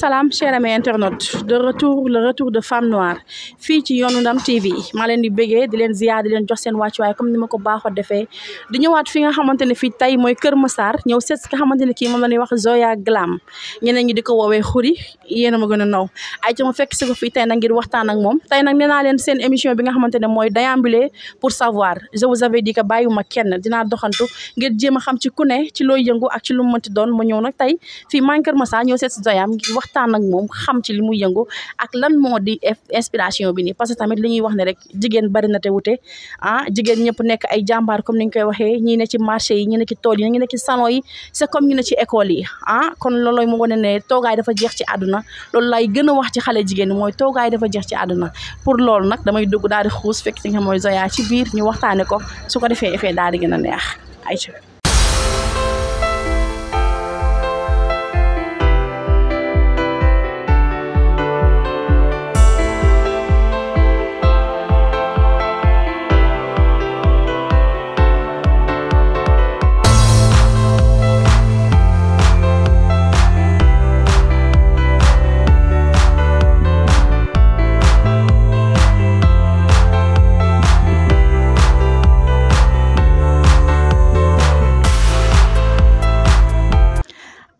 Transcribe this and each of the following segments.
salaam chers amis internautes de retour le retour de Femme Noire fii ci yoonu Ndam TV maa leen di bëggee di leen ziar di leen jox seen wàccuwaay comme ni ma ko baaxoo defee di ñëwaat fi nga xamante ne fii tey mooy Kër Massar ñëw seet si nga xamante ne kii moom la ñuy wax Zoya Glam ñeneen ñi di ko woowee xuri yéen a ma gën a naw ay ci ma fekk si ko fii tey nag ngir waxtaan ak moom tey nag nee naa leen seen émission bi nga xamante ne mooy déambuler pour savoir je vous avais dit que bàyyiwuma kenn dinaa doxantu ngir jéem a xam ci ku ne ci looy yëngu ak ci lu mu mënti doon ñëw nag tey fii maa ngi Kër Massar ñëw seet si wax waxtaan moom xam ci li muy yëngu ak lan moo di inspiration bi nii parce que tamit li ñuy wax ne rek jigéen bari na te wute ah jigéen ñëpp nekk ay jàmbaar comme ni ñu koy waxee ñi ne ci marché yi ñi ne ci tool yi ñi ne ci salon yi c'est comme ñi ci école yi ah. kon loolooy mu wane ne toogaay dafa jeex ci àdduna loolu lay gën a wax ci xale jigéen mooy toogaay dafa jeex ci àdduna pour loolu nag damay dugg daal di xuus fekk si nga mooy Zoya ci biir ñu waxtaane ko su ko defee effet daal di gën a neex ay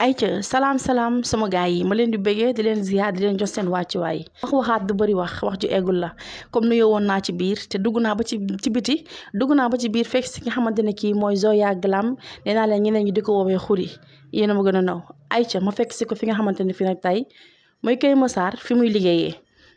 ayca salaam salaam sama gaay yi ma leen di bëggee di leen ziar di leen jox seen wàccuwaay wax waxaat du bëri wax wax ju eggul la comme nuyoo woon naa ci biir te dugg naa ba ci ci biti dugg naa ba ci biir fekk si nga xamante ne kii mooy Zoya Glam nee naa leen ñeneen ñi di ko woowee xuri yéen a ma gën a naw ayca ma fekk si ko fi nga xamante ne fi nag tey mooy ma saar fi muy liggéeyee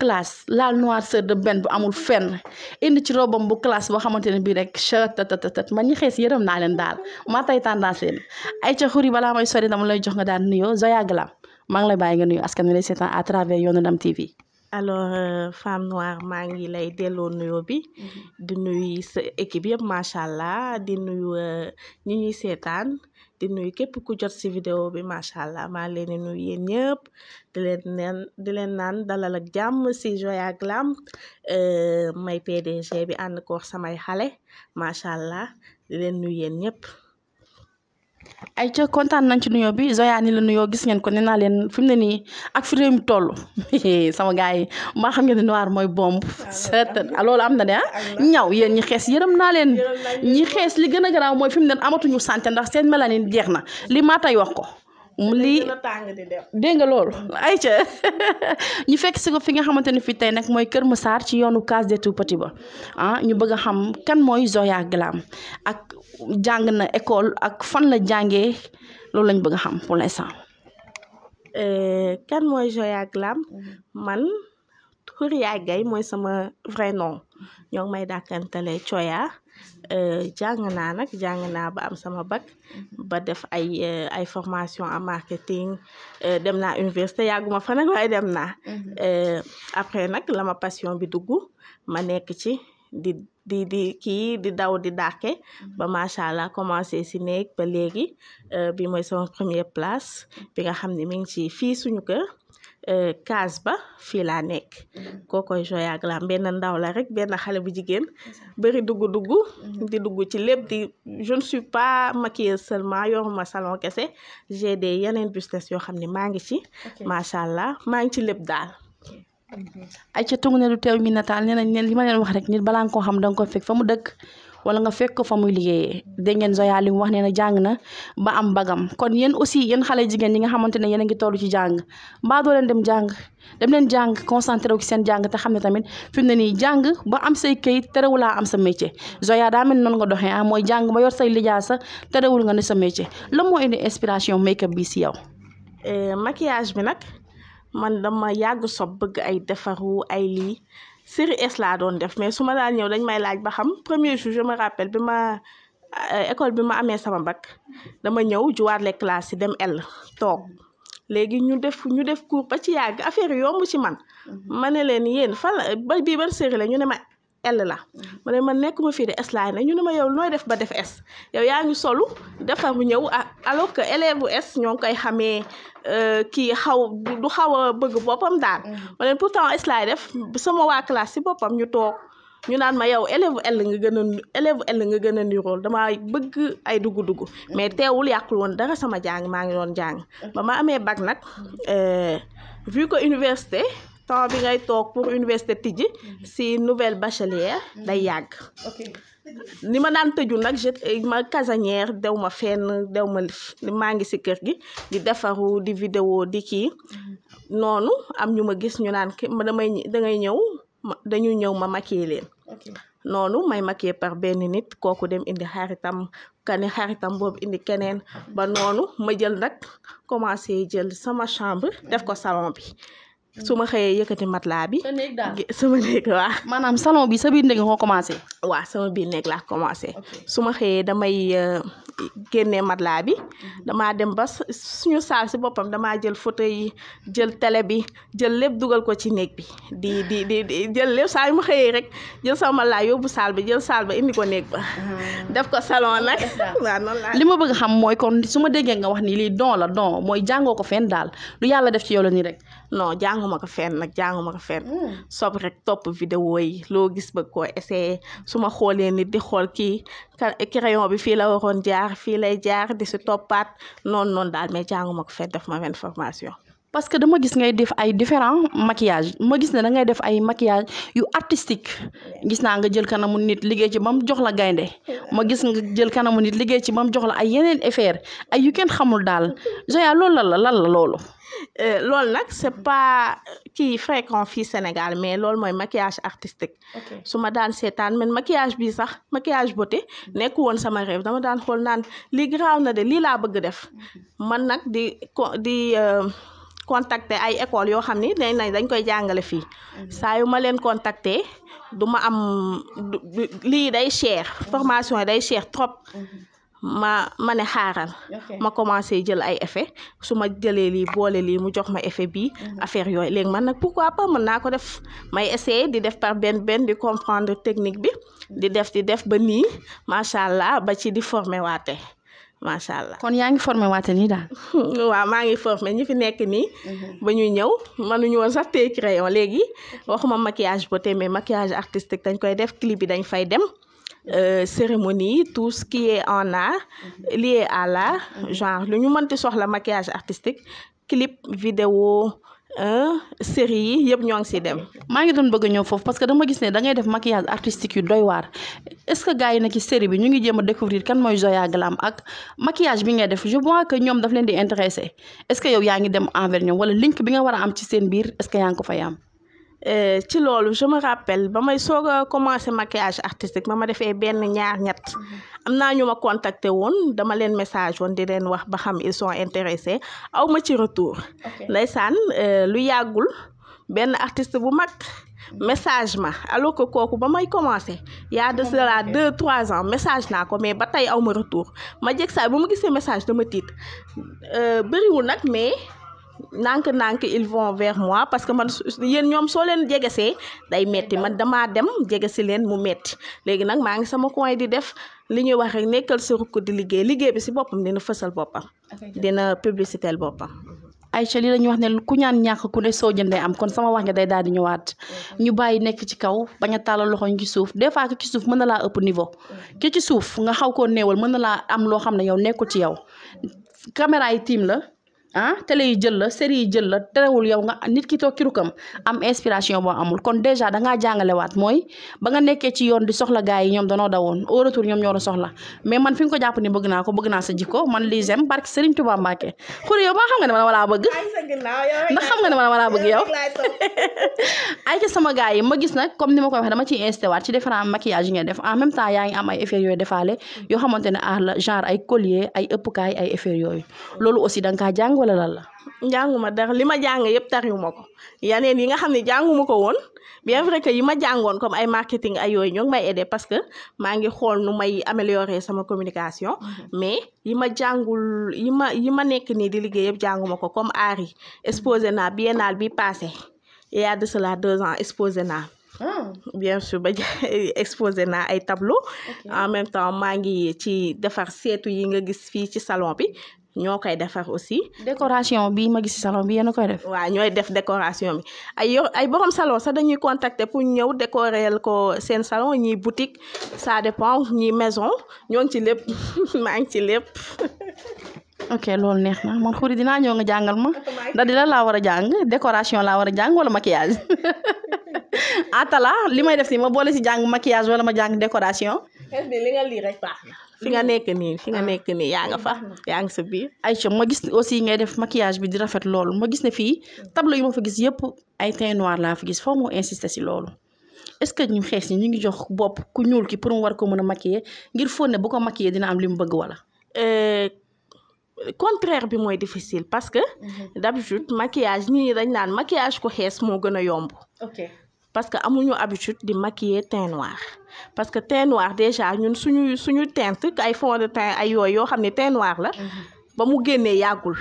classe laal noirceur de benn bu amul fen indi ci robam bu classe boo xamante ne bii rek chatatatat man ñi xees yërëm naa leen daal ma tay tendance leen ay ca xuri balaa may sori dama lay jox nga daan nuyoo Zoya Glam maa ngi lay bàyyi nga nuyu askan wi lay seetaan à travers yoonu Ndam TV alors euh, femme noire maa ngi lay delloo nuyoo bi mhm. di nuyu sa équipe yëpp macha allah di nuyu euh, ñi ñuy seetaan di nuyu képp ku jot ci vidéo bi macha allah maa leen di nuyu yéen ñëpp di leen naan di leen naan dalal ak jàmm ci Joya Glam euh, may PDG bi ànd ko samay xale macha allah di leen nuyu yéen ñëpp. ay ca kontaan nañ ci nuyo bi Zoya ni la nuyoo gis ngeen ko nee naa leen fi mu ne nii ak fi réew mi toll sama gars yi mbaa xam ngeen ne waar mooy bomb ah, certain ah, loolu am na de ah ñaw yéen ñi xees yërëm naa leen ñi xees li gën a garaaw mooy fi mu ne amatuñu santé ndax seen mélanine jeex na li maa tey wax ko lii dégg nga loolu mm. ay ca ñu fekk si fi nga xamante ne fii tey nag mooy Kër Massar ci yoonu Case des Tout-Petits ba ah ñu bëgg a xam kan mooy Zoya Glam ak jàng na école ak fan la jàngee loolu lañ bëgg a xam pour l'instant eh, kan mooy Zoya Glam mm. man Khouriya Gaye mooy sama vrai nom ñoo ngi may dàkkantale Coya Euh, jàng naa nag jàng naa ba am sama bag mhm. ba def ay euh, ay formation en marketing euh, dem naa université yàgguma fa nag waaye dem naa mhm. après nag lama ma passion bi dugg ma nekk ci di di di kii di daw di dàkke mhm. ba macha allah commencé si néeg ba léegi bi mooy sama première place bi nga xam ni mi ngi ci fii suñu kër Eh, kaas ba fii laa nekk mm-hmm. kookoy Joya ak Lam benn ndaw la rek benn xale bu jigéen bëri dugg-dugg mm-hmm. di dugg ci lépp di je ne suis pas maquilleuse seulement yoruma salon kese j'ai des yeneen business yoo xam ne maa ngi ci macha allah maa ngi ci lépp daal ay mm-hmm. ca tungu ne teew mi nataal nee nañ li ma wax rek nit balaa nga koo xam danga ko fekk fa mu dëkk wala nga fekk ko fa muy liggéeyee dégg ngeen Zoya li wax nee na jàng na ba am bagam kon yéen aussi yéen xale jigéen ñi nga xamante ne yéen ngi toll ci jàng mbaa doo dem jàng dem leen jàng concentré wu seen jàng te xam ne tamit fi mu ne nii jàng ba am say këyit terewulaa am sa métier Zoya daa mel noonu nga doxee ah mooy jàng ba yor say lijaasa terewul nga ne sa métier la moo indi inspiration make up si yow. Eh, maquillage bi nag man dama yàgg sob bëgg ay defaru ay lii. série S laa doon def mais su ma daan ñëw dañ may laaj ba xam premier jour je me rappelle bi ma euh, école bi ma amee sama bac dama ñëw juwaat les classes yi dem el toog léegi ñu def ñu def cours ba ci yàgg affaire yomb ci man mm-hmm. ma ne leen yéen fan la ba bii ban série la ñu ne ma L la mm-hmm. ma ne man nekkuma fii de S ñu ne ma yow nooy def ba def es yow yaa ngi solu defaru ñëw ah, alors que élève bu S ñoo ngi koy xamee euh, kii xaw du xaw a bëgg boppam daal mm-hmm. ma ne pourtant S def sama waa classe si boppam ñu toog ñu naan ma yow élève L nga gën a élève L nga gën a nirool damaa bëgg ay dugg-dugg mm-hmm. mais teewul yàqul woon dara sama jàng maa ngi doon jàng ba ma amee bag nag euh, vu que université temps bi ngay toog pour université tijji mhm. si nouvelle bachelière mhm. day yàgg ni ma daan tëju nag je ma casanière dew ma fenn dew ma lif maa ngi si kër gi di defaru di vidéo di kii mhm. noonu am ñu ma gis ñu naan ki damay dangay ñëw dañuy ñëw ma maquiller leen noonu may maquiller par benn nit kooku dem indi xaritam ni xaritam boobu indi keneen ba noonu ma jël nag commencé jël sama chambre def ko salon bi Mm. su ma xëyee yëkkati matelas bi. sa néeg daal sama maanaam salon bi sa biir néeg nga ko commencé. waaw sama biir néeg laa commencé. su ma xëyee damay euh, génnee matelas bi. Mm-hmm. damaa dem ba suñu saal si boppam damaa jël fauteuil yi jël télé bi jël lépp dugal ko ci néeg bi di di di di jël lépp saa yu ma xëyee rek jël sama matelas yóbbu saal bi jël saal ba indi ko néeg ba. Mm. def ko salon nag. waaw noonu laa li ma bëgg xam mooy kon su ma déggee nga wax ni lii don la don mooy jàngoo ko fenn daal lu yàlla def ci yow nii rek. non jànguma ko fenn nag jànguma ko fenn. Hmm. sob rek topp vidéo yi loo gis bëgg ko essayé su ma xoolee nit di xool kii crayon bi fii la waroon jaar fii lay jaar di si toppaat noon noon daal mais jànguma ko fenn def ma benn formation. parce que dama gis ngay def ay différents maquillage ma gis ne da ngay def ay maquillage yu artistique gis naa nga jël kanamu nit liggéey ci ba mu jox la gaynde ma gis nga jël kanamu nit liggéey ci ba mu jox la ay yeneen affaire ay yu kenn xamul daal Joya loolu la lan la loolu. Euh, n'est pas c'est pas qui euh, fréquent fi Sénégal mais maquillage artistique. suma madame daan maquillage bizarre, maquillage beauté nekku won sama rêve dama daan xol nan li de bëgg def mhm. man euh, contacter ay école dañ koy mhm. contacter am cher mhm. formation day cher trop ma ma ne xaaral. ma commencé jël ay effet su ma jëlee lii boole lii mu jox ma effet bii. Mhm. affaire yooyu léegi man nag pourquoi pas mën naa ko def may essayer di def par benn benn di comprendre technique bi. di def di def ba nii macha allah ba ci di former waate macha allah. kon yaa ngi forme waate nii daal. waa maa ngi formé ñi fi nekk nii. Mhm. ba ñuy ñëw mënuñu woon sax tey crayon léegi waxuma maquillage beauté mais maquillage artistique dañ koy def clip bi dañ fay dem. euh, cérémonie tout ce qui est en art mhm. lié à la mhm. genre lu ñu mënti soxla maquillage artistique clip vidéo euh, série yi yëpp ñoo ngi si dem. maa ngi doon bëgg ñëw foofu parce que dama gis ne da ngay def maquillage artistique yu doy waar est-ce que gars yi na ci série bi ñu ngi jéem a découvrir kan mooy Zoya Glam ak maquillage bi ngay def je vois que ñoom daf leen di intéressé est que yow yaa ngi dem envers ñoom wala link bi nga war a am ci seen biir est-ce que yaa ngi ko fay am. Eh, ci loolu je me rappelle ba may soog a commencé maquillage artistique ba ma defee benn ñaar ñet mhm. am naa ñu ma contacté woon dama leen message woon di leen wax ba xam ils sont intéressés aw ma ci retour ndeysaan eh, lu yàggul benn artiste bu mag message ma alors ko kooku ba may commencé yaa de cela deux trois ans message naa ko mais ba tey aw ma retour ma jeg saay bu ma gisee message dama tiit eh, bëriwul nag mais ndànk-ndànk ils vont vers moi parce que man yéen ñoom soo leen jegesee day metti man damaa dem jegesi leen mu metti léegi nag maa ngi sama coin di def li ñuy wax rek nekkal si rukk di liggéey liggéey bi si boppam dina fësal boppam dina publicité boppam ay lii la ñuy wax ne ku ñaan ñàkk ku ne soo jëndee am kon sama wax nga day daal di ñëwaat ñu bàyyi nekk ci kaw bañ a tàllal loxo ñu ci suuf des fois ki ci suuf mën na laa ëpp niveau ki ci suuf nga xaw koo newal mën na laa am loo xam ne yow nekkul ci yow caméra la ah télé yi jël la série jël la terewul yow nga nit ki toog kirukam am inspiration boo amul kon dèjà dangaa jàngalewaat mooy ba nga nekkee ci yoon di soxla gars yi ñoom danoo dawoon au retour ñoom ñoo la soxla mais man fi nga ko jàpp ni bëgg naa ko bëgg naa sa jikko man lii sem barke Serigne Touba Mbacke xuri yow xam nga ne man ma laa bëgg ndax xam yow ay ca sama gars ma gis nag comme ni ma koy wax dama ciy insté waat ci différent maquillage yi ngay def en même temps yaa ngi am ay effets yooyu defaale yoo xamante ne ah genre ay collier ay ëppukaay ay effets yooyu loolu aussi danga kaa jàng wala lan la. jànguma dara li ma jàng yëpp tariwuma ko yeneen yi nga xam ne jànguma ko woon bien vrai que yi a jàngoon comme ay marketing ay yooyu ñoo ngi may aider parce que maa ngi xool nu may améliorer sama communication. Mhm. mais yi ma jàngul yi ma yi ma nekk nii di liggéey yëpp jànguma ko comme aar yi exposé naa biennale bi passé il y a de cela deux ans exposé naa. Ah. bien sûr ba exposé naa ay tableau en même temps maa ci defar seetu yi nga gis fii ci salon bi ñoo koy defar aussi. décoration bi ma gis si salon bi yéen a koy def. waaw ñooy def décoration bi ay yo ay salon sax dañuy contacter pour ñëw décorer ko seen salon ñii boutique ça dépend ñii maison ñoo ngi ci lépp maa ngi ci lépp. ok loolu neex na man xuri dinaa ñëw nga jàngal ma ndax di la laa war a jàng décoration la war a jàng wala maquillage atala li may def nii ma boole si jàng maquillage wala ma jàng décoration. li nga lii fi nga nekk nii fi nga nekk nii yaa nga fa yaa ngi sa biir. Aïcha ma gis aussi ngay def maquillage bi di rafet loolu ma gis ne fii tableau yi ma fa gis yëpp ay teint noir laa fa gis foo moo insisté si loolu est-ce que ñu xees ñi ñu ngi jox bopp ku ñuul ki pour mu war ko mën a maquiller ngir fóon ne bu ko maquiller dina am li mu bëgg wala. Euh, contraire bi mooy difficile parce que. Mhm. d'habitude maquillage nit ñi dañ naan maquillage xees moo gën a yomb. ok parce que amuñu habitude di maquiller teint noir parce que teint noir déjà ñun suñu suñu teinte ay fond de teint ay yoy yo xamné teint noir la mhm. ba mu génnee yagul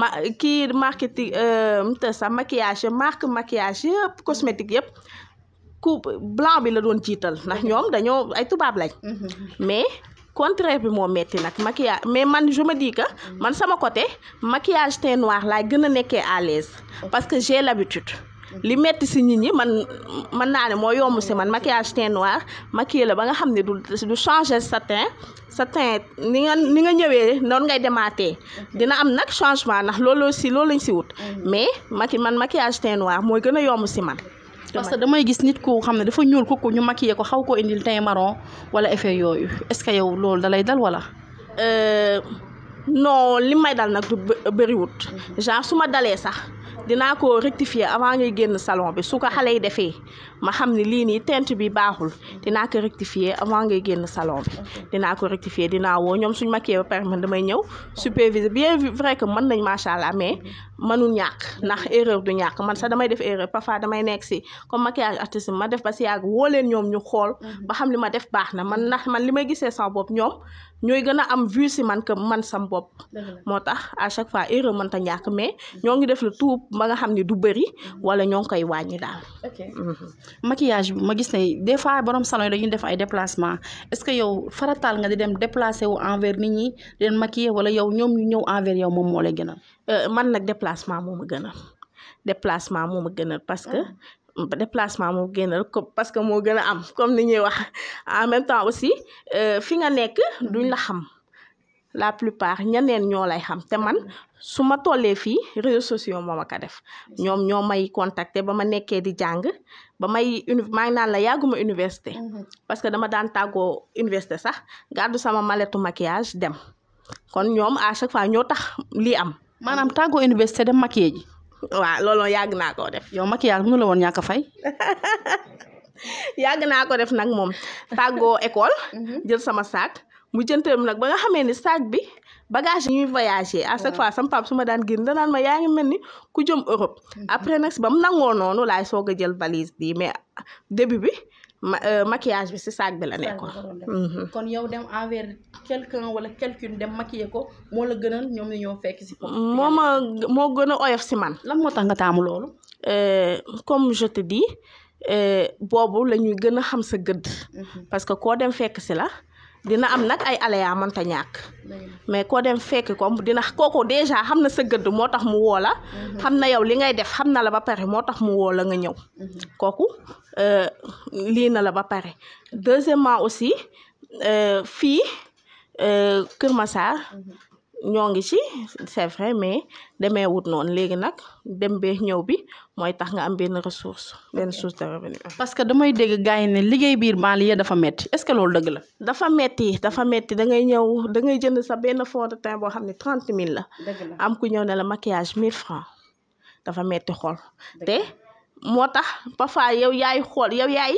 ma kii marketing euh, te sa maquillage marque maquillage yëpp cosmétique yëpp ku blanc bi la doon jital. ndax ñom dañoo ay tubab lañ mhm. mais contraire bi moo metti nag maquillage mais man je me dis que mhm. man sama côté maquillage teint noir laay gën a nekkee à l'aise parce que j'ai l'habitude li metti si nit ñi man man naa ne moo yomb si man maquillage teint noir maquillé la ba nga xam ne du du changer sa teint sa teint ni nga ni nga ñëwee noonu ngay demaatee dina am nag changement ndax loolu si loolu lañ si wut mm. mais maki man maquillage teint noir mooy gën a yomb si man parce que damay gis nit ko xam ne dafa ñuul ko ko ñu maquillé ko xaw ko indil teint marron wala effet yooyu est-ce que yow loolu dalay dal wala euh, non li may dal nag du bëriwut mm-hmm. su ma dalee sax dinaa ko rectifier avant ngay génn salon bi su ko xale yi defee ma xam ni lii nii tent bi baaxul dinaa ko rectifier avant ngay génn salon bi dinaa ko rectifier dinaa woo ñoom suñu maquillé ba pare man damay ñëw superviser bien vrai que mën nañ macha allah mais manu ñàkk ndax erreur du ñàkk man sax damay def erreur parfois damay nekk si comme maquillage artiste ma def ba si yàgg woo leen ñoom ñu xool mhm. ba xam li ma def baax na man ndax man li ma gisee sama bopp ñoom ñooy gën a am vue si man que man sam bopp moo tax à chaque fois erreur mën ta ñàkk mais mhm. ñoo ngi def lu tout ba nga xam ni du bëri mhm. wala ñoo ngi koy wàññi daal maquillage bi ma gis ne des fois borom salon yi dañuy def ay déplacement est-ce que yow farataal nga di dem déplacé wu envers nit ñi di leen wala yow ñoom ñu ñëw envers moom moo lay gënal euh, man nag déplacement moo ma gënal déplacement moo ma gënal parce que ah. déplacement moo gënal ko parce que moo gën a am comme ni ñuy wax en même temps aussi euh, fi nga nekk duñ la xam la plupart ñeneen ñoo lay xam te man su ma tollee fii réseaux sociaux moo ma ko def ñoom ñoo may contacter ba ma nekkee di jàng ba may uni naan la yàgguma université. Mm-hmm. parce que dama daan tàggoo université sax gàddu sama maletu maquillage dem kon ñoom à chaque fois ñoo tax lii am. maanaam tàggoo université de maquillé ji. waaw looloo yàgg naa koo def. yow maquillage mënu la woon ñàkk fay. yàgg naa ko def nag moom tàggoo école. Mhm. jël sama saak mu jënteem nag ba nga xamee ni saak bi bagage yi ñuy voyager à chaque fois sam pap su ma daan génn danaan ma yaa ngi mel ni ku jëm Europe. Mhm. après nag ba mu nangoo noonu laay soog a jël valise bi mais début bi. ma euh, maquillage bi si saag bi la nekkoon. Mhm. kon yow dem envers quelqu'un wala quelqu'une dem maquiller ko moo la gënal ñoom ñu ñëw fekk si. moo ma moo gën a oyof si man. lan moo tax nga taamu loolu. Euh, comme je te dis euh, boobu lañuy ñuy gën a xam sa gëdd. Mhm. parce que koo dem fekk si la. dina am nag ay aléas mënta ñàkk mais koo dem fekk ko dina kooku déjà xam na sa gëdd moo tax mu woo la mhm. xam na yow li ngay def xam na la ba pare moo tax mu woo la nga ñëw mhm. kooku euh, lii na la ba pare deuxièmement aussi euh, fii euh, Kër Massar mhm. ñoo ngi ci c'est vrai mais demee wut noonu léegi nag dem bee ñëw bi mooy tax nga am benn ressource benn source de revenu. parce que damay dégg gars yi ne liggéey biir banlieue dafa metti est-ce que loolu dëgg la. dafa metti dafa metti da ngay ñëw da ngay jënd sa benn fond de teint boo xam ne trente mille la. am ku ñëw ne la maquillage mille francs dafa metti xool te. moo tax parfois yow yaay xool yow yaay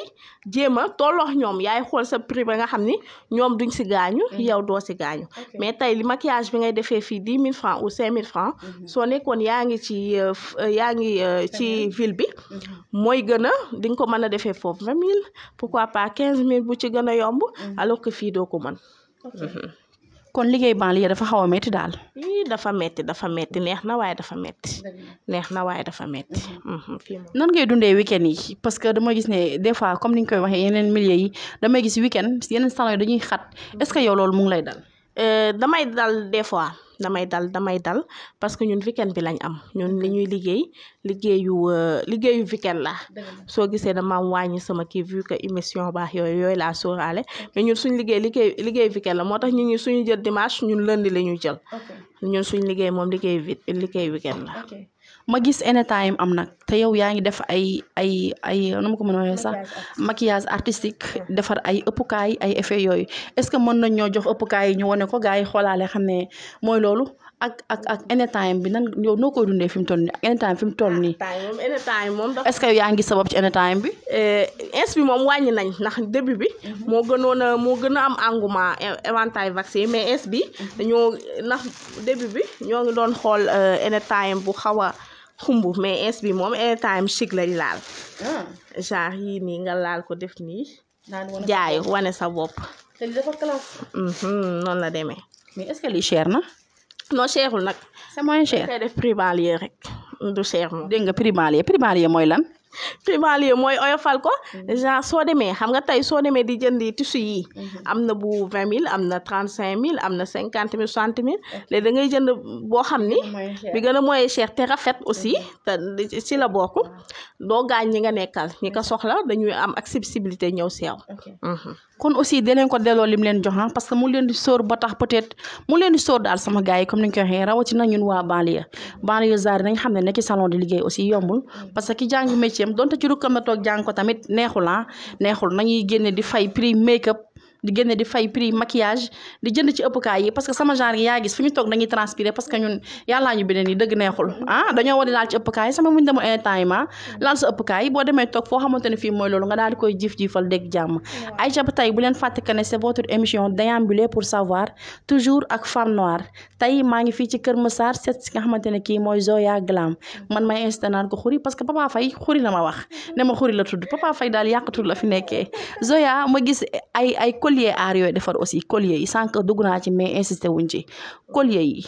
jéem a tolloo ñoom yaay xool sa prix ba nga xam ni ñoom duñ si gaañu mm-hmm. yow doo si gaañu mais tey li maquillage bi ngay defee fii dix mille francs ou cinq mille francs mm-hmm. soo nekkoon yaa ngi ci euh, euh, yaa ngi euh, ci ville bi mm-hmm. mooy gën a di nga ko mën a defee foofu vingt mille pourquoi pas quinze mille bu ci gën a yomb alors que fii doo ko mën kon liggéey banlieue dafa xaw a metti daal. ii dafa metti dafa metti neex na waaye dafa metti neex na waaye dafa metti mhm, nan ngay dundee week-end yi parce que dama gis ne des fois comme ni ñu koy waxee yeneen milieu yi damay gis week-end yeneen salon yi dañuy xat est-ce que yow loolu mu ngi lay dal. Euh, damay dal des fois damay dal damay dal parce que ñun weekend bi lañ am ñun li ñuy liggéey liggéeyu euh, liggéeyu weekend la soo gisee dama wàññi sama kii vue que émission baax yooyu yooyu laa sóoraale mais ñun suñ liggéey liggéey liggéey weekend la moo tax ñun ñi suñu jël dimanche ñun lundi la ñuy jël ñun suñ liggéey moom liggéey liggéey weekend la ma gis anytime am nag te yow yaa ngi def ay ay ay nu ma ko mën a waxee sax maquillage artistique ah. defar ay ëppukaay ay effet yooyu est-ce que mën nañ ñoo jox ëppukaay yi ñu wane ko gars yi xoolaale xam ne mooy loolu ak ak ak anytime bi nan yow noo koy dundee fi mu toll nii ak anytime fi mu toll nii. Ah, anytime moom est-ce que yow yaa ngi sabab ci anytime bi. Eh, ins bi moom wàññi nañ ndax début bi. Mhm. moo gënoon a moo gën a am engouement eh, éventail vaccin mais ins bi. Mhm. dañoo ndax début bi ñoo ngi doon xool eh, anytime bu xaw xumbu mais es bi moom airtime chic lañ laal. Ah. genre yii nii nga laal ko def nii. jaay wane sa bopp. te mm-hmm, la demee. mais est li cher na. non cherul nag. c'est moins cher. def prix banlieue rek du cher moom. dégg nga prix banlieue prix banlieue mooy lan. primal yi mooy oyofal ko mm-hmm. genre soo demee xam nga tey soo demee di jëndi tissu yi mm-hmm. am na bu vingt mille am na trente cinq mille am na cinquante mille soixante da ngay jënd boo xam ni bi gën a mooy cher te rafet aussi mm-hmm. te si la bokk doo gaañ ñi nga nekkal ñi ko soxla dañuy am accessibilité ñëw seew kon aussi dinañ ko delloo lim leen jox parce que mu leen di sóor ba tax peut-être mu leen di sóor daal sama gars yi comme ni ñu ko waxee rawatina ñun waa banlieue banlieue xam ne nekk salon de liggéey aussi yombul dossier am donte ci rukkam la toog jàng ko tamit neexul ah neexul nañuy génne di fay prix make up di génne di fay prix maquillage di jënd ci ëppukaay yi parce que sama genre yi gis fu ñu toog dañuy transpirer parce que ñun yàllaa ñu dëgg neexul ah dañoo war laal ci ëppukaay sama muñ demu intemsement laal sa ëppukaay boo demee toog foo xamante ne fii mooy loolu nga daal koy jif-jifal dégg jàmm Aïcha ba tey bu leen fàtte si nga xamante ne kii mooy Zoya Glam man may insisté ko xuri parce que Papa Faye xuri la ma wax ne xuri la tudd collier ari yooyu defar aussi collier yi sànq dugg ci mais insisté ci collier yi.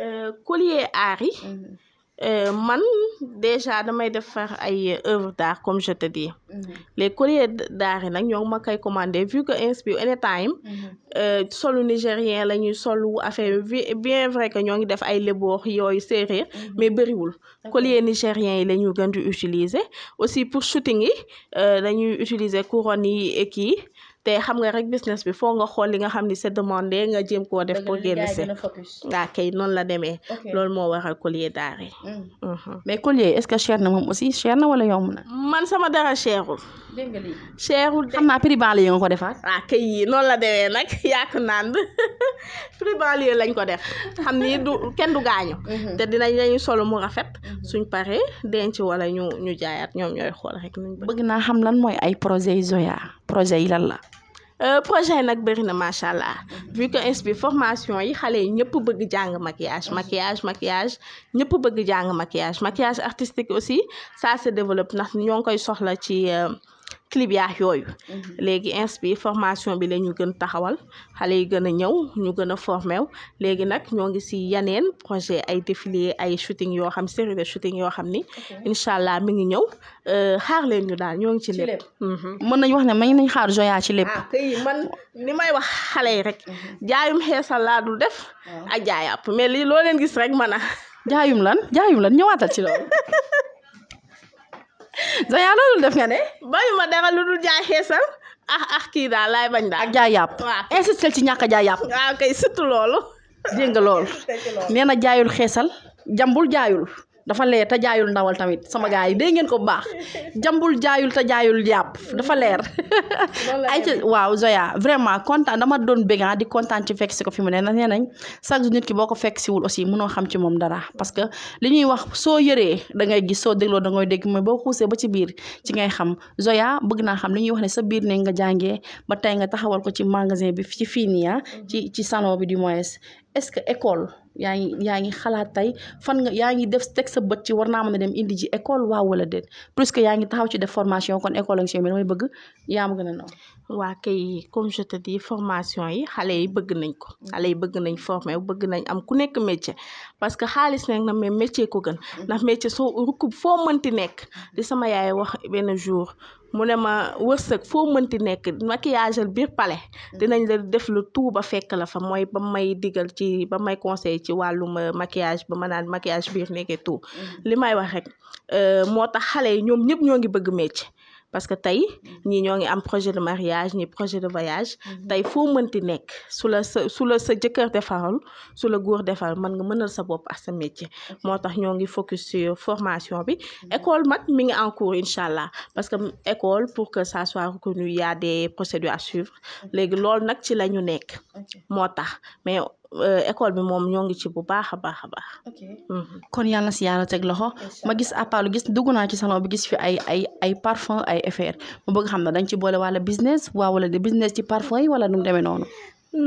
Euh, collier aar mm-hmm. euh, man déjà damay defar ay euh, d'art comme je te dis. Mm-hmm. les colliers d'art yi nag commandé vu que Inspire time. Mm-hmm. solu nigérien la ñuy solu affaire bien vrai que ñoo def ay des yooyu mais bëriwul collier nigérien yi gën di utiliser aussi pour shooting yi dañuy utiliser couronne et qui te xam nga rek business bi foo nga xool li nga xam ni c'est demandé nga jéem koo def. pour génn si waaw kay noonu la demee. loolu moo waral collier yi mm. mhm. mais collier est-ce que cher na moom aussi cher na wala yomb na. man sama dara cherul. dégg nga lii cherul de. xam naa prix banlieue ko defaat. waaw kay yii noonu la demee nag yàq naan prix banlieue lañ ko def xam ni du kenn du gaañu. Mhm. te dinañ lañu solo mu rafet. Mhm. suñ paree denc wala ñu ñu jaayaat ñoom ñooy xool rek. bëgg naa xam lan mooy ay projet Zoya. projet il lan projet yi vu que inspi formation yi xale maquillage maquillage maquillage bëgg maquillage maquillage artistique aussi ça se développe euh, clibiyaax yooyu mhm. léegi inspi formation bi la ñu gën taxawal xale yi gën a ñëw ñu gën a formé wu léegi nag ñoo ngi si yeneen projet ay défilé ay shooting yoo xam série de shooting yoo xam ni incha allah mi ngi ñëw euh, xaar leen ñu daal ñoo ngi ci lépp mhm. mën nañ wax ne mën nañ xaar Joya ci lépp ah, man li may wax xale yi rek mhm. jaayum xeesal laa dul def ak jaayàpp mais lii loo leen gis rek mën a jaayum lan jaayum lan ñëwaatal ci loolu Zaya loolu def nga ne. bañu ma dara lu dul jaay xeesal ah ah kii daal bañ daal. ak jaay yàpp waaw ci ñàkk a jaay yàpp. waaw kay surtout loolu. dégg nga loolu. nee na jaayul xeesal jambul jaayul. dafa leer ta jaayul ndawal tamit sama gars yi dégg ngeen ko bu baax jambul jaayul te jaayul yàpp dafa leer ay ca waaw Zoya vraiment kontaan dama doon bégan ah di kontaan ci fekk si ko fi mu ne nee nañ chaque jour nit ki boo ko fekk siwul aussi mënoo xam ci moom dara parce que li ñuy wax soo yëree da ngay gis soo dégloo da ngay dégg mais boo xuusee ba ci biir ci ngay xam Zoya bëgg naa xam li ñuy wax ne sa biir ne nga jàngee ba tey nga taxawal ko ci magasin bi ci fii nii ah, mm-hmm. ci ci salon bi du moins est-ce que école yaa ngi yaa ngi xalaat tey fan nga yaa ngi def teg sa bët ci war naa mën a dem indi ji école waaw wala déet plus yaa ngi taxaw ci def formation kon école ak chimie damay bëgg yaa ma gën a noonu. waa kay comme je te dis formation yi xale yi bëgg nañ ko. Mm. xale yi bëgg nañ former bëgg nañ am ku nekk métier parce que xaalis nekk na mais métier ko gën. Mm. ndax métier soo rukk foo mënti nekk di mm. sama yaay wax benn jour. mu ne ma wërsëg foo mënti nekk maquillage biir pale mm. dinañ la def lu tout ba fekk la fa mooy ba may digal ci ba may conseil ci wàllum euh, maquillage ba ma naan maquillage biir nekkee tout mm. li may wax rek euh, moo tax xale yi ñoom ñëpp ñoo ngi bëgg métier parce que tay mhm. ñii ñoo am projet de mariage ni projet de voyage mhm. tay fo meunti nek sous la sous su la sa jëkkër defaral sous la góor defaral man nga mënal sa bop ak sa métier motax tax ñoo focus sur formation bi mhm. école mag mi ngi en cours inshallah. parce que école pour que ça soit reconnu il y a des procédures à suivre léegi lool nak ci lañu nek motax mais eh, école bi moom ñoo ngi ci bu baax a baax a baax. Mhm. kon yàlla na si yàlla teg loxo. ma gis àppalu gis dugg naa ci salon bi gis fi ay ay ay parfum ay affaire mu bëgg xam ne dañ ci boole wala business waa wala de business ci parfum yi wala nu mu demee noonu.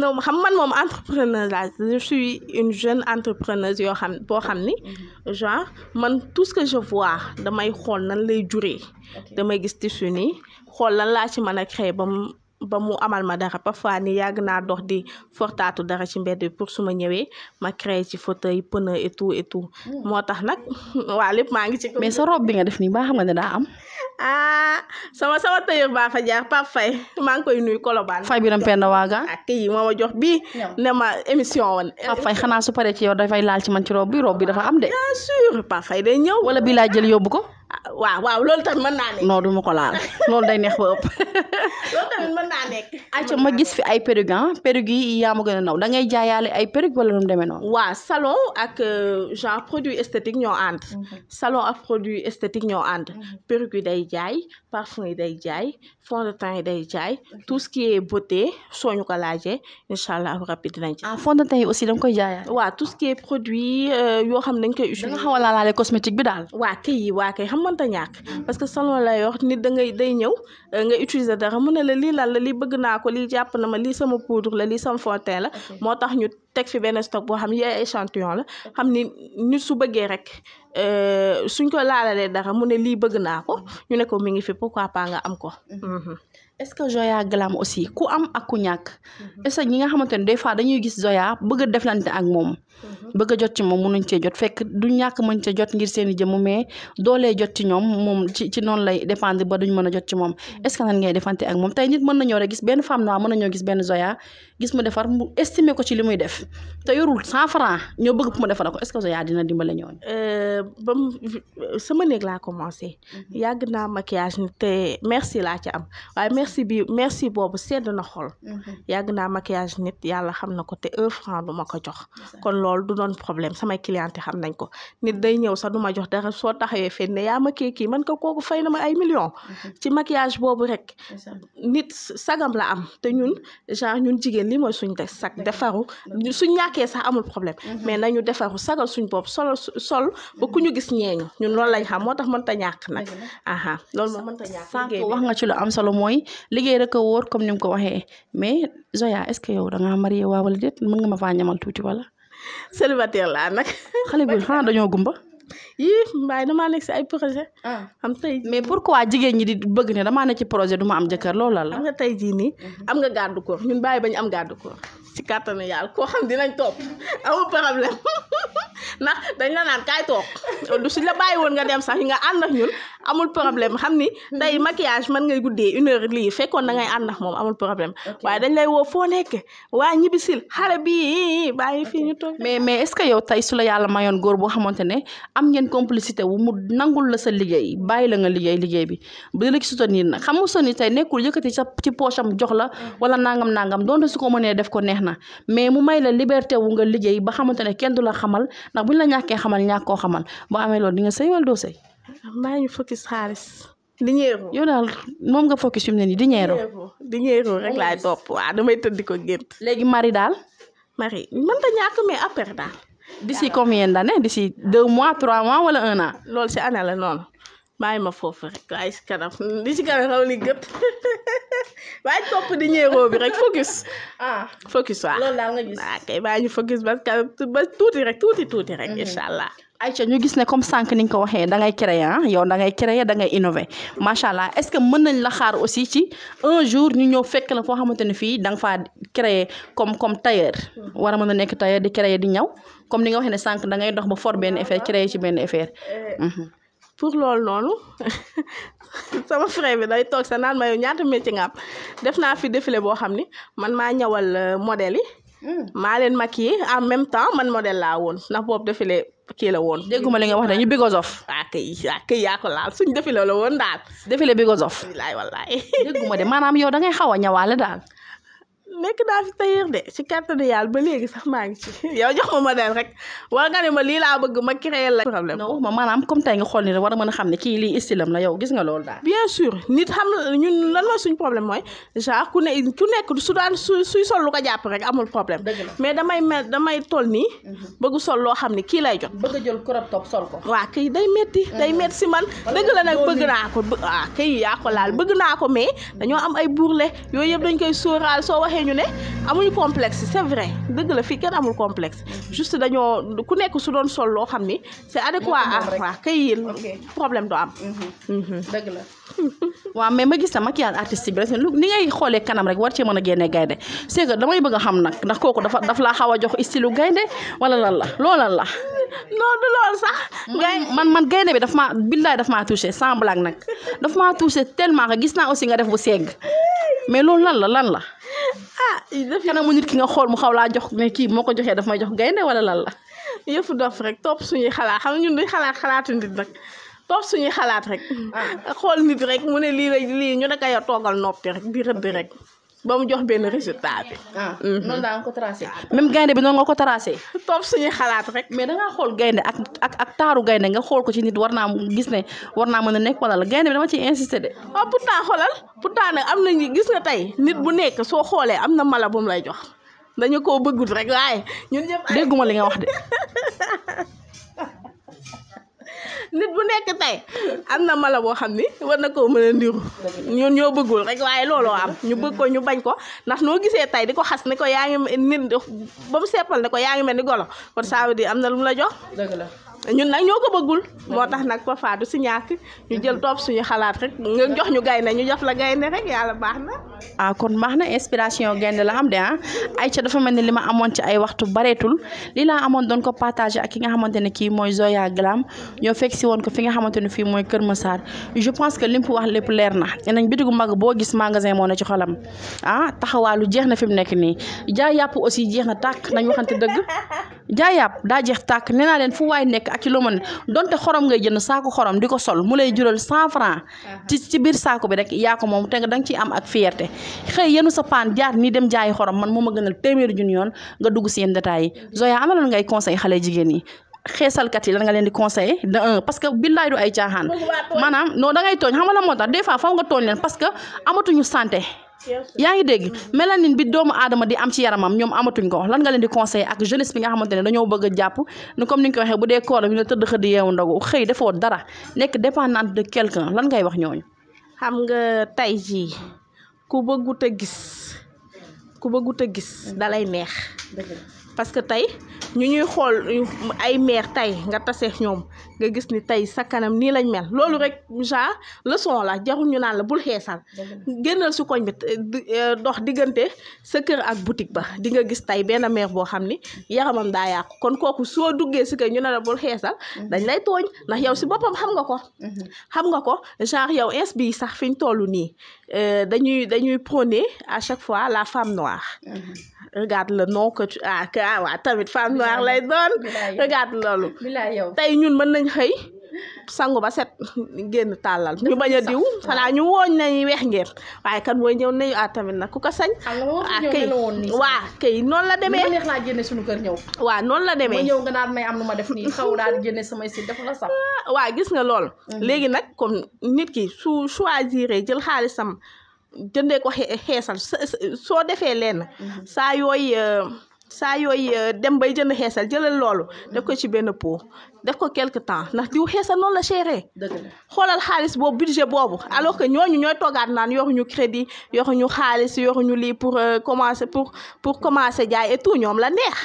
non xam man moom entrepreneur la je suis une jeune entrepreneuse yoo xam boo xam ni mhm. genre man tout ce que je vois damay xool nan lay juree damay gis tissu nii xool lan laa ci mën a créer ba ba mu amal ma dara parfois ni yàgg naa dox di fortaatu dara ci mbed bi pour su ma ñëwee ma créé ci fauteuil pneu et tout hmm. moo tax nag waa lépp maa ngi ci. mais sa robe bi nga def nii baa xam nga ne daa am. ah sama sama tailleur baa fa jaar Pape Faye maa ngi koy nuyu Colobane. Faye Biram Penda Waaga. ak ah, kii moo jox bii. ne émission woon. Pape xanaa su paree ci yow dafay laal ci man ci robe bi dafa am de. bien sûr day ñëw. wala bilaa jël yóbbu ko. Ah, waaw waaw loolu tamit mën naa nekk. non du ma ko laal loolu day neex ba ëpp. loolu tamit mën naa nekk. ayca ma gis fi ay perruque ah perruque yi yaa ma gën a naw da ngay jaayaale ay perruque wala nu mu demee noonu. waaw salon ak euh, genre produit esthétique ñoo ànd. Mm-hmm. salon ak produit esthétique ñoo ànd. Mm-hmm. perruque yi day jaay parfum yi day jaay fond de teint yi day jaay mm-hmm. tout ce qui est beauté soo ñu ko laajee incha allah rapide dinañ ci. ah fond da koy jaayaale. waaw tout ce euh, yoo xam dañ koy. da nga xaw a cosmétique bi daal. waa kii yi xam mënta parce que salon lay wax nit da ngay day ñëw euh, nga utiliser dara mu ne la lii lan la lii bëgg naa ko lii jàpp na ma lii sama poudre la lii sama fond de la moo tax ñu teg fi benn stock boo xam ne ay échantillon la xam ni nit su bëggee rek euh, suñ ko laalalee dara mu ne lii bëgg naa ko ñu ne ko mi ngi fi pourquoi pas nga am ko mhm. Mhm. est ce que Joya Glam aussi ku am ak ku ñàkk mhm. ñi nga xamante ne des fois dañuy gis Joya bëgg a moom mhm. bëgg jot ci moom mënuñ cee jot fekk du ñàkk mën cee jot ngir seen i jëmm mais doolee jot ci ñoom moom ci ci noonu lay dépendre ba duñ mën a jot ci moom mhm. est ngay defante ak moom tey nit mën na gis benn femme noire mën na ñoo gis benn gis mu defar mu estimer ko ci li muy def te yorul cent franc ñoo bëgg pour mu defar ko est ce que Joya dina dimbale ñooñu euh, ba sama néeg laa commencé yàgg naa maquillage te merci laa ci am waaye merci bi merci bobu sedd na xol. yàgg naa maquillage nit yàlla xam na ko te un franc du ma ko jox. kon loolu du doon problème samay cliente xam nañ ko nit day ñëw sax du ma jox dara soo taxawee fenn ne yaa ma kii man ko kooku fay na ma ay million ci maquillage boobu rek. nit sagam la am te ñun genre ñun jigéen li mooy suñ de sag defaru suñ ñàkkee sax amul problème. Mhm. mais nañu defaru sagal suñ bopp sol sol ba ku ñu gis ñeeñu ñun loolu lañ xam moo tax mënta ñàkk nag. loolu moo mënta ñàkk wax nga ci lu am solo mooy liggéey rek a wóor comme ni mu ko waxee mais Zoya est-ce que yow da ngaa marié waa mën nga ma faa ñamal tuuti wala. célibataire laa nag. xale bi xanaa dañoo gumba. yii mbaay damaa nekk si ay projet. Ah. am tey mais pourquoi jigéen ñi di bëgg ne damaa ne ci projet duma am jëkkër loola la. am nga tey jii nii. Mhm. am nga gàddu ko ñun bàyyi ba ñu am gàddu ko. si kàttanu yàlla koo xam dinañ topp amul problème na dañ la naan kaay toog du si la bàyyi woon nga dem sax nga ànd ak amul problème mm-hmm. xam ni mm-hmm. tey maquillage mën ngay guddee une heure lii fekkoon na ngay ànd ak moom amul problème waaye dañ lay woo foo nekk waa ñibisil xale bii bàyyi fii ñu toog mais mais est ce que yow tey su la yàlla mayoon góor boo xamante ne am ngeen complicité wu mu nangul la sa liggéey bàyyi la nga liggéey liggéey bi bu la ci soutenir nag xam nga soutenir tey nekkul yëkkati sa ci poche am jox la mm. wala nangam nangam donte su ko mënee def ko neex na mais mu may la liberté wu nga liggéey ba xamante ne kenn du la xamal ndax buñ la ñàkkee xamal ñàkk koo xamal boo amee di nga sëy wala doo sëy maa ngi focus xaalis. diñeeru yow daal moom nga focus fi ne nii diñeeru. diñeeru rek laay topp waaw damay tëdd ko gént. léegi mari daal. Marie mënta ñàkk mais après daal. d'ici combien d'années d'ici deux mois trois mois wala un an. lool si année la noonu. bàyyi ma foofu rek waaye si kanam li kanam xaw ni waaye topp di bi rek focus. ah focus waaw bàyyi ñu focus ba tuuti rek tuuti tuuti rek. Mhm. incha allah. Aïcha ñu gis ne comme sànq ni nga ko waxee da ngay créer ah yow da ngay créer da ngay innover macha allah est-ce que mën nañ la xaar aussi ci un jour ñu ñëw fekk la foo xamante ne fii danga fa faa créer comme comme tailleur war a mën a nekk tailleur di créer di ñaw comme ni nga waxee ne sànq da ngay dox ba for benn affaire créer ci benn affaire. Eh, mhm. pour loolu noonu sama frère bi day toog sa naan ma ñaata métier nga def naa fi défilé boo xam ni man maa ñawal euh, modèle yi. Hmm. maa leen kii en même temps man modèle laa woon ndax boobu défilé kii la woon. dégguma li nga wax dañu Bigos of. ah kay aa ah, kay yaa ko laal suñu défilé la woon daal. défilé Bigos of. walaay walaay. dégguma de maanaam yow da ngay xaw a ñawaale daal. lekk naa fi tayër de ci kàttanu yàlla ba léegi sax maa ngi ci yow jox ma modèle rek war nga ne ma lii laa bëgg ma créer la problème non ma maanaam comme tey nga ne kii lii istilam la yow gis nga loolu daal bien sûr nit xam ñun lan mooy suñu problème mooy genre ku ne ku nekk su daan su suy sol lu ko jàpp rek amul problème mais damay mel damay nii mhm. bëgg sol loo xam ne kii lay jot bëgg a jël crop top sol ko waa kii day metti day mhm. metti si man dëgg la nag bëgg naa ko waa kii yaa ko laal bëgg naa ko mais dañoo am ay bourrelet yooyu yëpp dañ koy sóoraal soo waxee ñu ne amuñu complexe c'est vrai dëgg la fii kenn amul complexe juste dañoo ku nekk su doon sol loo xam ni c'est adéquat à kay problème du am mhm. Mhm. dëgg la waa mais ma gis na maquillage artistique bi rek lu ni ngay xoolee kanam rek war cee mën a génnee gaynde c'est que damay bëgg xam nag ndax kooku dafa daf laa xaw a jox style gaynde wala lan la loolal la. non du loolu sax. man man gaynde bi daf maa billaay daf maa touché sans blague nag daf maa touché tellement que gis naa aussi nga def bu segg mais loolu lan la lan la. ah kanamu nit ki nga xool mu xaw laa jox mais kii moo ko joxee daf may jox gaynde wala lan la. yëfu dof rek topp suñuy xalaat xam ñun duñ xalaat xalaatu nit nag. toog suñuy xalaat rek ah. xool nit rek mu ne lii la lii ñu ne ko yow toogal noppi rek di rek ba mu jox benn résultat bi. ah noonu mhm. même gaynde bi noonu nga ko tracé. toog suñuy xalaat rek. mais da xool gaynde ak ak ak taaru gaynde nga xool ko ci nit war naa gis ne war naa mën a nekk wala la gaynde bi dama ciy insister de. waaw oh, pourtant xoolal pourtant nag am nañu gis nga tey nit bu nekk soo xoolee am na mala bu mu lay jox dañu koo bëggut rek waaye ñun ñëpp dégguma li nga wax de. nit bu nekk tey am na mala boo xam ni war na koo mën a ndiru ñun ñoo bëggul rek waaye looloo am ñu bëgg ko ñu bañ ko ndax noo gisee tey di ko xas ni ko yaa ngi nit ba mu seppal ne ko yaa ngi mel ni golo kon ça di am na lu mu la jox dëgg la ñun nag ñoo ko bëggul moo tax nag ba faatu si ñàkk ñu jël topp suñu xalaat rek nga jox ñu gaynde ñu jox la gaynde rek yàlla baax na. ah kon baax na inspiration gaynde la am de ah Aïcha dafa mel ne li ma amoon ci ay waxtu bareetul li laa amoon doon ko partagé ak ki nga xamante ne kii mooy Zoya Glam ñoo fekk si woon ko fi nga xamante ne fii mooy Kër Massar je pense que li mu fi wax lépp leer na dinañ bitigu mag boo gis magasin moo ne ci xolam ah taxawaalu jeex na fi mu nekk nii jaay yàpp aussi jeex na tàkk nañ waxante dëgg jaay yàpp daa jeex ak ci lu mën donte xorom ngay jënd saako xorom di ko sol mu lay jural cent franc uh-huh. ci ci biir saako bi rek yaa ko moom te nga da nga ciy am ak fierté xëy yenu sa paan jaar nii dem jaayi xorom man moom a gënal téeméeri junni yoon nga dugg si yenn détails yi mm-hmm. Zoya am na lan ngay conseil xale jigéen yi xeesalkat yi lan nga leen di conseillé de un billaay du ay caaxaan maanaam non da ngay tooñ xam nga la moo tax des fois faw nga tooñ leen parce amatuñu santé yaa ngi dégg mélanine mm-hmm. bi doomu aadama di am ci yaramam ñoom amatuñ ko lan nga leen di conseillé ak jeunesse bi nga xamante ne dañoo bëgg a jàpp ni comme ni nga ko waxee bu dee koor ñu ne tëdd xëdd yeewu ndogu xëy defoo dara nekk dépendant de quelqu'un lan ngay wax ñooñu xam nga tey jii ku bëggut a gis ku bëggut a gis dalay meex parce que tey ñu ñuy xool ay meer tey nga taseef ñoom nga gis ni tay sa kanam ni lañ mel loolu rek genre leçon la ñu naan la bul xeesal gënal su koñ bi e, dox sa ak boutique ba di nga gis mère kon si ñu la bul mhm. dañ lay yow si xam nga ko mhm. xam nga genre yow ins bi e, à chaque fois la femme noire mhm. regarde le nom que tu ah, ah tamit femme noire regarde nañ xëy sangu ba set génn tàllal ñu bañ a diw xanaa ñu wooñ nañu weex ngeen waaye kan mooy ñëw nañu ah tamit nag ku ko sañ ah kay waa kay noonu la demee neex laa génne suñu kër ñëw waa noonu la demee ñëw nga naan may am lu ma def nii xaw daal génne samay si def la sax waa gis nga lool léegi nag comme nit ki su choisir jël xaalisam jëndee ko xeesal soo defee lenn saa yooyu saa yooyu euh, dem bay jënd xeesal jëlal loolu def ko ci benn pot def ko quelque temps ndax diw xeesal noonu la chéré xoolal xaalis boobu budget boobu alors que ñooñu ñooy toogaat naan yoruñu crédit yoruñu xaalis yoruñu lii pour euh, commencer pour pour commencer jaay et tout ñoom la neex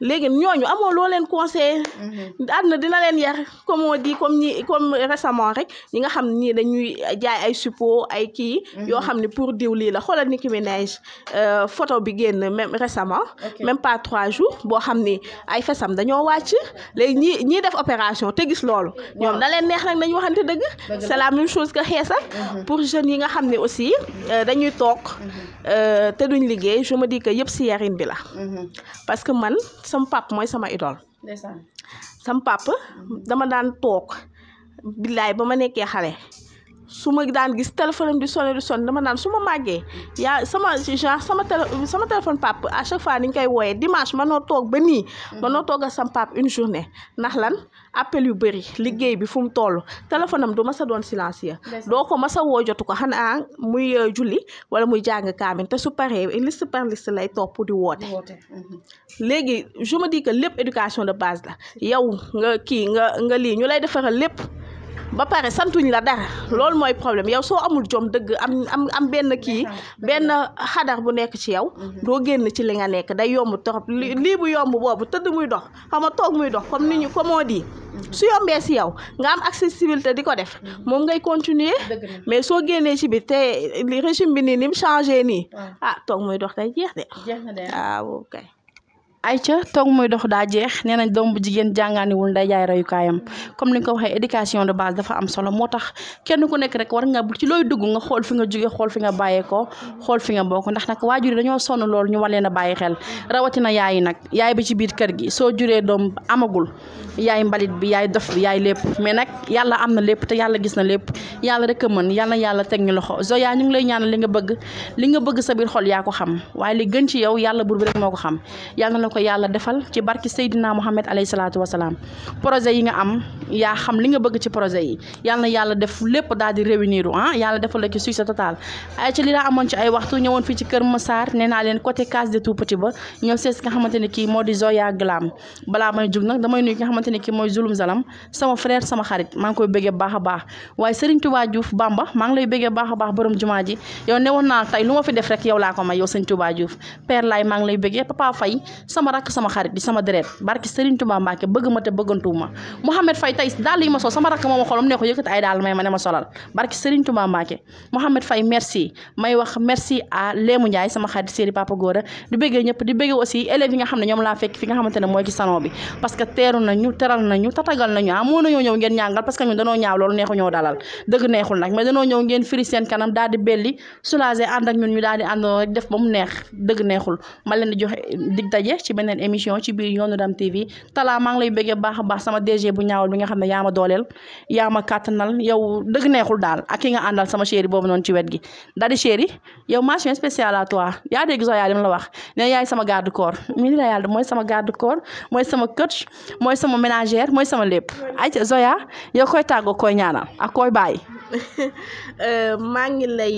léegi ñooñu amoo loo leen conseil. Mhm. àdduna dina leen comme on dit comme ni comme récemment rek ñi nga xam ni dañuy jaay ay suppos ay ki mhm. yo xamni pour diw li la xoolal Nicki euh photo bi génn même récemment. même pas trois jours bo xamni ay fesam dañoo wacc léegi ñi ñi def opération te gis lool ñom na leen neex nag nañu waxante dëgg. c'est la même chose que xeesal. Mhm. pour jeune yi nga xamni aussi euh, dañuy euh te duñ liggéey je me dis que yëpp si yarin bi la. parce que man. sama papa mooy sama idole sama papa dama daan toog billaay ba ma nekkee xale su ma daan gis téléphone am di sonné di sonné dama naan su ma màggee yaa sama genre sama télé sama téléphone pap à chaque fois ni ñu koy wooyee dimanche mënoo toog ba nii. Mm-hmm. mënoo toog ak sam pap une journée ndax lan appel yu bëri liggéey bi fu mu toll téléphone am du ma sa doon silencieux. doo ko ma sa woo jotu ko xanaa muy euh, julli wala muy jàng kaamin te su paree liste par liste lay topp di woote. Mm-hmm. léegi je me dis que lépp éducation de base la yow nga kii nga nga lii ñu lay defaral lépp. ba pare santuñ la dara loolu mooy problème yow soo amul jom dëgg am am am benn kii benn xadar bu nekk ci yow mhm. doo génn ci li nga nekk day yomb torop lii bu yomb boobu tëdd muy dox xam nga toog muy dox comme ni ñu comme on dit mhm. su yombee si yow nga am accessibilité di ko def mhm. moom ngay continuer mais soo génnee ci bi te régime bi nii ni mu changé nii ah toog muy dox day jeex de waaw ah, kay ayca toog muy dox daa jeex nee nañ doom bu jigéen jàngaaniwul nday jaay rayukaayam comme ni nga ko waxee éducation de base dafa am solo moo tax kenn ku nekk rek war nga ci looy dugg nga xool fi nga jóge xool fi nga bàyyeekoo xool fi nga bokk ndax nag waajur yi dañoo sonn loolu ñu war leen a bàyyi xel rawatina yaay yi nag yaay bi ci biir kër gi soo juree doom amagul yaay mbalit bi yaay dof bi yaay lépp mais nag yàlla am na lépp te yàlla gis na lépp yàlla rek a mën yàlla yàlla teg ñu loxo yaa ñu ngi lay ñaanal li nga bëgg li nga bëgg sa biir xol yaa ko xam waaye gën ci yow yàlla buur moo ko ko yàlla defal ci barki Seydina Mohamed alayhi salaatu wasalaam projet yi nga am yaa xam li nga bëgg ci projet yi yàlla def lépp daal di réunir ah yàlla defal la ci succès total ay ci li amoon ci ay waxtu ñëwoon fii ci Kër Massar nee naa leen côté case de tout petit ba ñëw sees nga xamante ne kii moo di Zoya Glam balaa may jug nag damay nuyu nga xamante ne kii mooy Zulum Zalam sama frère sama xarit maa ngi koy bëggee baax a baax waaye Serigne Touba Diouf Bamba lay bëggee baax a baax ma fi def rek sama rakk sama xarit di sama deret barki Serigne Touba Mbacke bëgg ma te bëggantuuma Mouhamed Faye tey daal may ma ne ma solal barki Serigne Touba Mbacke Mouhamed Faye merci may wax merci à Léemu Ndiaye sama xarit séri Papa Gora di bëggee ñëpp di bëggee aussi élèves nga xam ne ñoom laa fekk fi nga xamante ne mooy ci salon parce que teeru nañu teral nañu tatagal nañu ah moo nañoo ñëw ngeen ñàngal parce que dëgg neexul nag mais danoo ñëw ngeen firi kanam daal di beneen émission ci biir yoonu Ndam TV Talla maa ngi lay bëggee baax a baax sama DG bu ñaawal bi nga xam ne yaa dooleel yaa ma kàttanal yow dëgg neexul daal ak ki nga àndal sama chéri boobu noon ci wet gi Daddy chéri yow mention spéciale à toi yaa dégg la wax ne yaay sama garde corps mi ni na yàlla mooy sama garde mooy sama coach mooy sama ménagère mooy sama lépp ay Zoya yow koy tàggoo koy ñaanal ak koy bàyyi Euh, maa ngi lay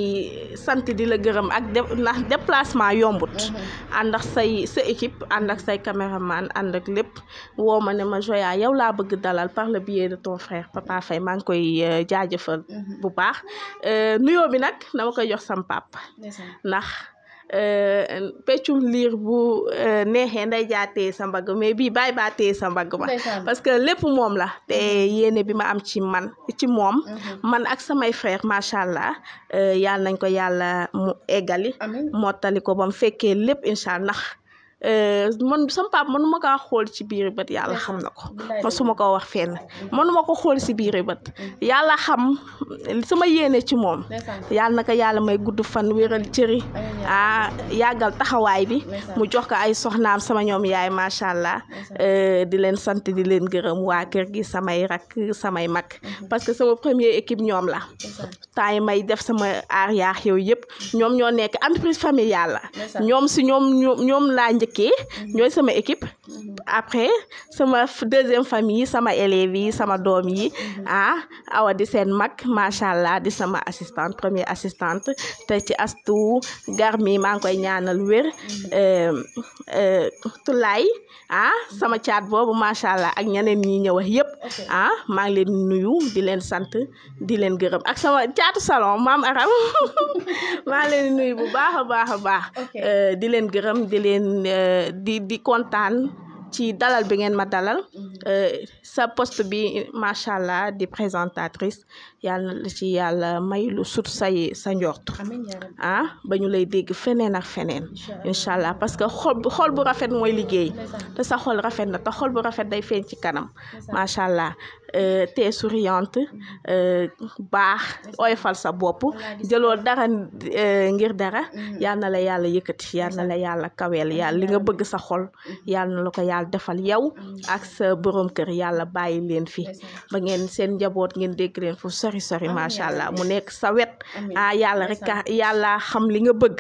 sant di la gërëm ak ndax déplacement yombut mm-hmm. ànd ak say sa équipe ànd ak say caméraman ànd ak lépp woo ma ne ma Joya yow laa bëgg dalal par la biais de ton frère Papa Faye maa ngi koy euh, jaajëfal mm-hmm. bu baax euh, nuyoo bi nag dama koy jox sam papa ndax Euh, peccum liir bu euh, neexee nday jaa sa mbagg mais bii bàyyi baa téye sa mbagg ma parce que lépp moom la te mm-hmm. yéene bi ma am ci man ci moom mm-hmm. man ak samay frère macha allah euh, yàlla nañ ko yàlla mu eggali mottali ko ba mu fekkee lépp incha allah Euh, man sama papa mënuma kaa xool ci biir bët yàlla xam na ko ma su ma ko wax fenn mënuma ko xool ci biir bët mm-hmm. yàlla xam sama yéene ci moom yàlla na ko yàlla may gudd fan wéral cëri ah yàggal taxawaay bi mu jox ko ay soxnaam sama ñoom yaay macha allah euh, di leen sant di leen gërëm waa kër gi samay rak samay mag mm-hmm. parce que sama premier équipe ñoom la temps yi may def sama aar yaax yow yëpp ñoom ñoo nekk entreprise familiale ñoom laa dëkkee mhm. ñooy sama équipe mhm. après sama deuxième famille sama élèves yi sama doom yi mhm. ah awa di seen mag macha allah di sama assistante première assistante te ci astu garmi maa ngi koy ñaanal wér euh, euh, tulaay ah sama caat boobu macha allah ak ñeneen ñi ñëw wax yëpp ah maa ngi leen nuyu di leen sant di leen gërëm ak sama caatu salon maam aram maa leen nuyu bu baax a baax a baax euh, di leen gërëm di leen Euh, di di kontaan ci dalal bi ngeen ma dalal mm-hmm. euh, sa poste bi macha di yàlla la ci yàlla may lu sut say sa njort ya ah ba ñu lay dégg feneen ak feneen incha allah parce que xol xol bu rafet mooy liggéey te sa xol rafet na te xol bu rafet day feeñ ci kanam macha allah euh, te souriante mm-hmm. euh, baax oyfal sa bopp jëloo dara euh, ngir dara mm-hmm. yal na la yàlla yëkkati yal na la yàlla li ya nga bëgg sa xol mm-hmm. yal na la ko yàlla defal yow ak sa borom kër yàlla bàyyi leen fi ba ngeen seen njaboot ngeen dégg leen fu sori sori sori macha allah mu nekk sa wet ah yàlla xam li nga bëgg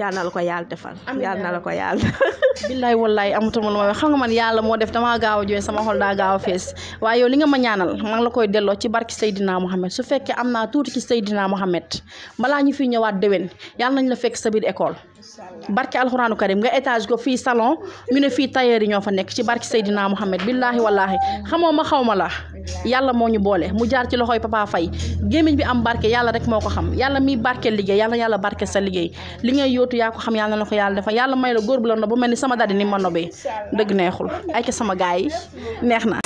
yàlla na la ko yàlla defal yàlla na la ko yàlla billaay wallaay amutuma lu ma xam nga man yàlla moo def damaa gaaw a jooy sama xol daa gaaw a fees waaye yow li nga ma ñaanal maa ngi la koy delloo ci barki Seydina Mohamed su fekkee am naa tuuti ci Seydina Mohamed balaa ñu fi ñëwaat déwén yàlla nañ la fekk sa biir école barki alxuraanu karim nga étage ko fii salon ñu ne fii tailleur yi ñoo fa nekk ci barki Seydina Mohamed la yàlla moo ñu boole mu fay gémmiñ bi am barke yàlla rek moo ko xam yàlla miy barke liggéey yàlla yàlla barke sa liggéey li ngay yóotu yaa ko xam yàlla na ko yàlla defal yàlla may la góor bu la no mel ni sama dadi ma nobee dëgg neexul ay ca sama gaay neex na